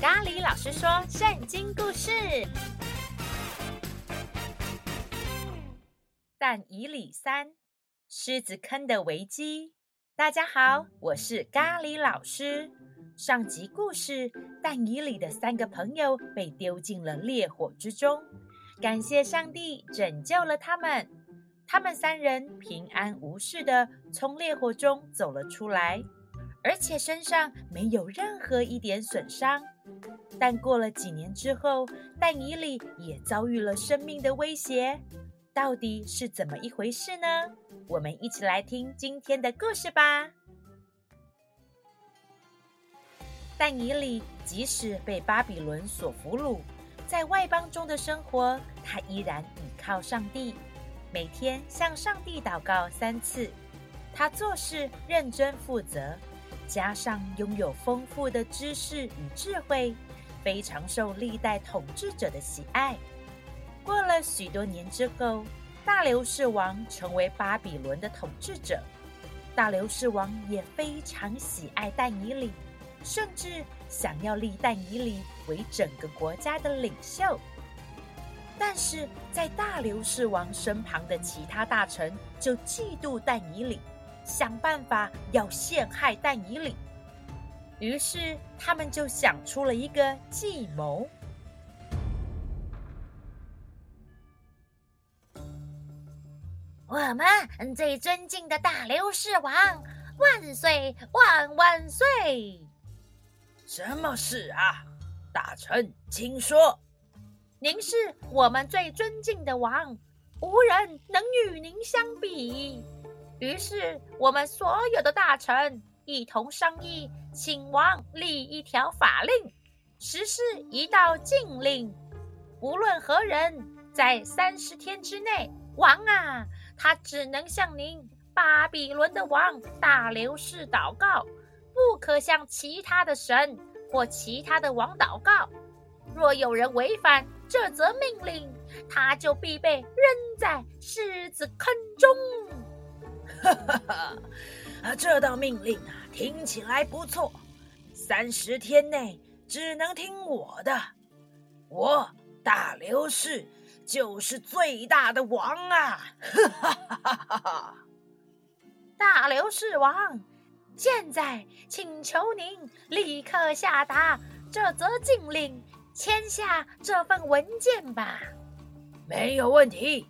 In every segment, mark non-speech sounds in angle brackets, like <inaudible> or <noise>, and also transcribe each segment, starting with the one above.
咖喱老師說聖經故事。但以理三，獅子坑的危機。大家好，我是咖喱老師。上集故事，但以理的三個朋友被丟進了烈火之中，感謝上帝拯救了他們，他們三人平安無事地從烈火中走了出來，而且身上沒有任何一點損傷。但過了幾年之後，但以理也遭遇了生命的威脅，到底是怎麼一回事呢？我們一起來聽今天的故事吧。但以理即使被巴比倫所俘虜，在外邦中的生活，他依然倚靠上帝，每天向上帝禱告三次，他做事認真負責。加上擁有豐富的知識與智慧，非常受歷代統治者的喜愛。過了許多年之後，大流士王成為巴比倫的統治者。大流士王也非常喜愛但以理，甚至想要立但以理為整個國家的領袖。但是在大流士王身旁的其他大臣就嫉妒但以理。想辦法要陷害但以理，於是他們就想出了一個計謀。我們最尊敬的大流士王，萬歲萬萬歲！什麼事啊，大臣請說。您是我們最尊敬的王，無人能與您相比。於是，我們所有的大臣一同商議，請王立一條法令，實施一道禁令：無論何人，在三十天之內，王啊，他只能向您——巴比倫的王大流士禱告，不可向其他的神或其他的王禱告。若有人違反這則命令，他就必被扔在獅子坑中。哈哈哈！啊， <laughs> 這道命令啊，聽起來不錯。三十天內只能聽我的，我大流士就是最大的王啊！哈哈哈哈哈！大流士王，現在請求您立刻下達這則禁令，簽下這份文件吧。沒有問題，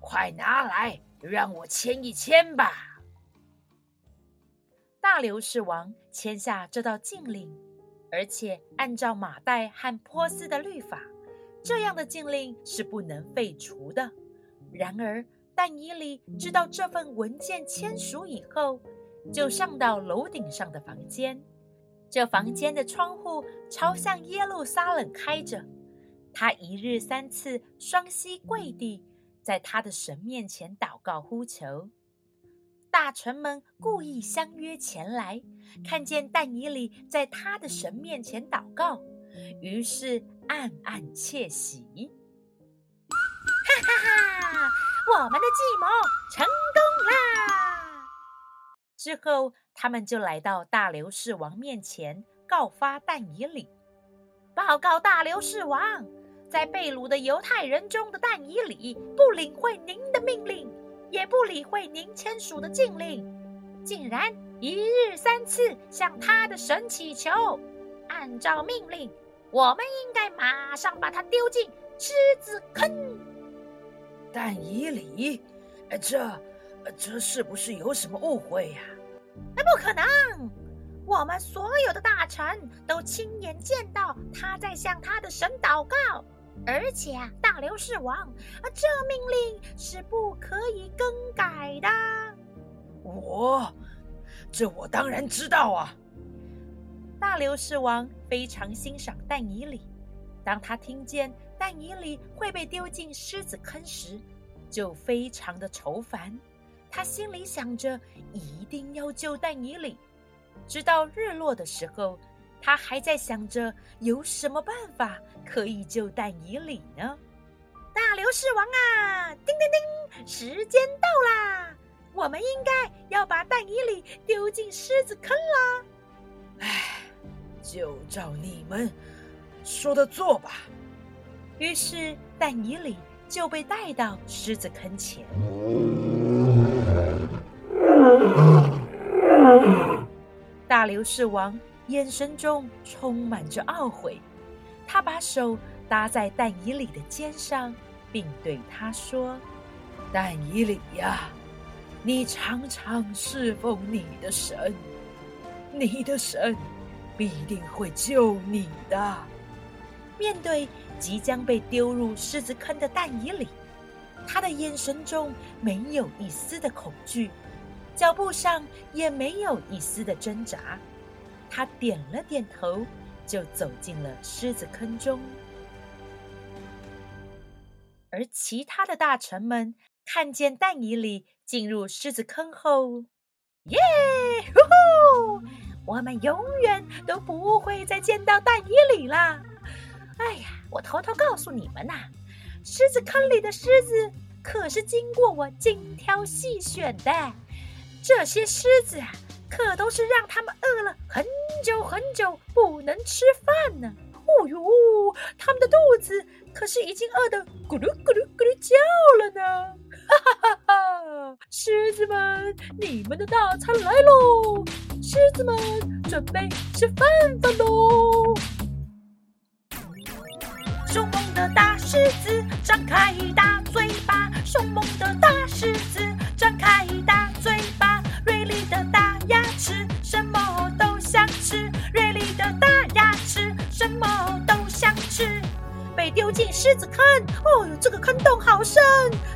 快拿來。讓我簽一簽吧。大流士王簽下這道禁令，而且按照馬代和波斯的律法，這樣的禁令是不能廢除的。然而，但以理知道這份文件簽署以後，就上到樓頂上的房間，這房間的窗戶朝向耶路撒冷開着，他一日三次雙膝跪地，在他的神面前禱告呼求，大臣們故意相約前來，看見但以理在他的神面前禱告，於是暗暗竊喜，哈哈哈哈！我們的計謀成功啦！之後，他們就來到大流士王面前告發但以理，報告大流士王。在被擄的猶太人中的但以理，不領會您的命令，也不理會您簽署的禁令，竟然一日三次向他的神祈求。按照命令，我們應該馬上把他丟進獅子坑。但以理，這，這是不是有什麼誤會呀、啊？不可能，我們所有的大臣都親眼見到他在向他的神禱告。而且啊，大流士王啊，這命令是不可以更改的。我，這我當然知道啊。大流士王非常欣賞但以理，當他聽見但以理會被丟進獅子坑時，就非常的愁煩。他心裡想着一定要救但以理，直到日落的時候。他還在想着有什麼辦法可以救但以理呢？大流士王啊！叮叮叮，時間到啦！我們應該要把但以理丟進獅子坑了。唉，就照你們說的做吧。於是但以理就被帶到獅子坑前。嗯嗯嗯、大流士王。眼神中充滿着懊悔，他把手搭在但以理的肩上，並對他說：“但以理呀、啊，你常常侍奉你的神，你的神必定會救你的。”面對即將被丟入獅子坑的但以理，他的眼神中沒有一絲的恐懼，腳步上也沒有一絲的掙扎。他點了點頭，就走進了獅子坑中。而其他的大臣們看見但以理進入獅子坑後，耶，吼吼，我們永遠都不會再見到但以理了。哎呀，我偷偷告訴你們吶、啊，獅子坑裡的獅子可是經過我精挑細選的，這些獅子。可都是讓他們餓了很久很久，不能吃飯呢，啊。哦呦，他們的肚子可是已經餓得咕嚕咕嚕咕嚕叫了呢。哈哈哈哈！獅子們，你們的大餐來嘍！獅子們，準備吃飯飯嘍！兇猛的大獅子張開大嘴巴，兇猛的大獅子張開大嘴巴。想吃銳利的大牙齒，什麼都想吃。被丟進獅子坑，哦喲，這個坑洞好深！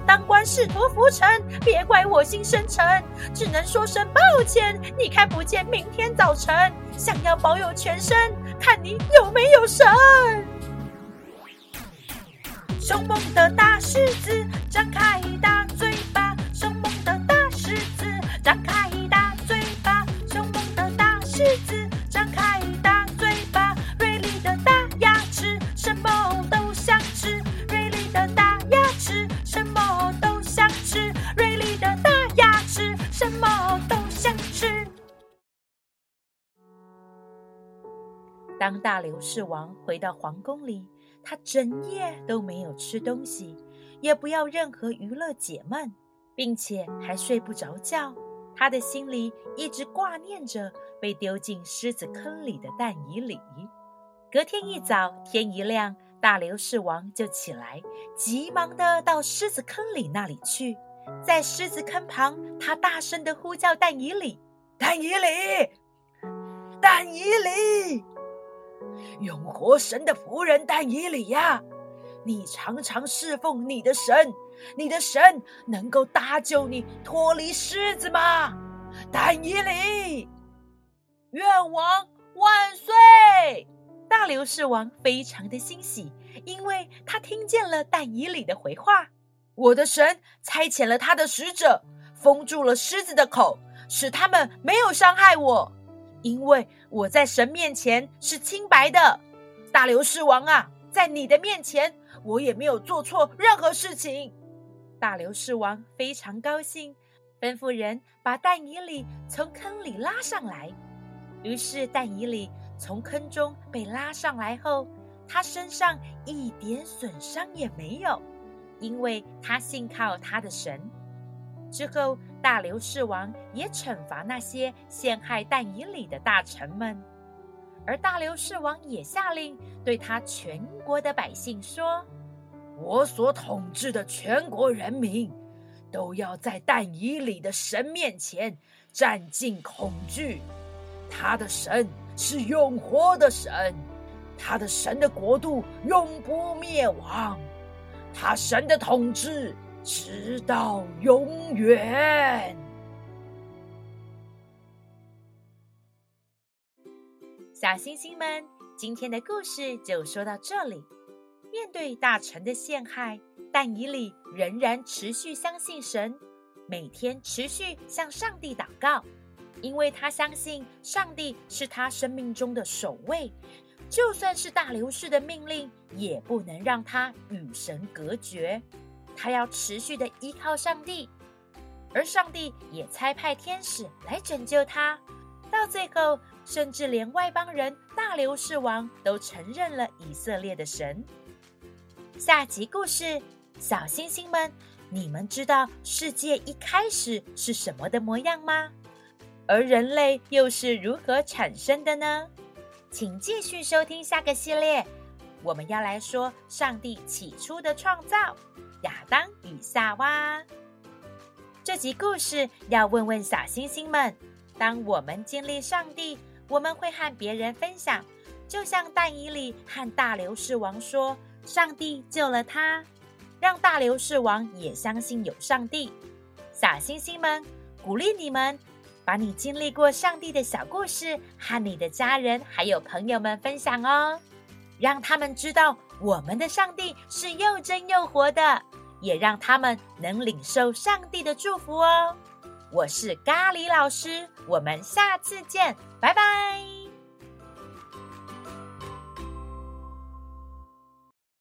當官是多浮沉，別怪我心深沉，只能說聲抱歉。你看不見，明天早晨想要保有全身，看你有沒有神。凶猛的大獅子，張開大。當大流士王回到皇宮裡，他整夜都沒有吃東西，也不要任何娛樂解悶，並且還睡不着覺。他的心裡一直掛念着被丟進獅子坑裡的但以理。隔天一早，天一亮，大流士王就起來，急忙的到獅子坑裡那裡去。在獅子坑旁，他大聲的呼叫但以理：“但以理，但以理！”永活神的僕人但以理呀，你常常侍奉你的神，你的神能夠搭救你脫離獅子嗎？但以理，願王萬歲！大流士王非常的欣喜，因為他聽見了但以理的回話。我的神差遣了他的使者，封住了獅子的口，使他們沒有傷害我，因為。我在神面前是清白的，大流士王啊，在你的面前我也沒有做錯任何事情。大流士王非常高興，吩咐人把但以理從坑裡拉上來。於是但以理從坑中被拉上來後，他身上一點損傷也沒有，因為他信靠他的神。之後。大流士王也懲罰那些陷害但以理的大臣們，而大流士王也下令對他全國的百姓說：“我所統治的全國人民，都要在但以理的神面前戰盡恐懼。他的神是永活的神，他的神的國度永不滅亡，他神的統治。”直到永遠。小星星們，今天的故事就說到這裡。面對大臣的陷害，但以理仍然持續相信神，每天持續向上帝禱告，因為他相信上帝是他生命中的守衛，就算是大流士的命令，也不能讓他與神隔絕。他要持續地依靠上帝，而上帝也差派天使來拯救他。到最後，甚至連外邦人大流士王都承認了以色列的神。下集故事，小星星們，你們知道世界一開始是什麼的模樣嗎？而人類又是如何產生的呢？請繼續收聽下個系列，我們要來說上帝起初的創造。亞當與夏娃這，集故事要問問小星星們：當我們經歷上帝，我們會和別人分享，就像但以理和大流士王說，上帝救了他，讓大流士王也相信有上帝。小星星們，鼓勵你們把你經歷過上帝的小故事和你的家人還有朋友們分享哦，讓他們知道我們的上帝是又真又活的。也讓他們能領受上帝的祝福哦。我是咖喱老師，我們下次見，拜拜。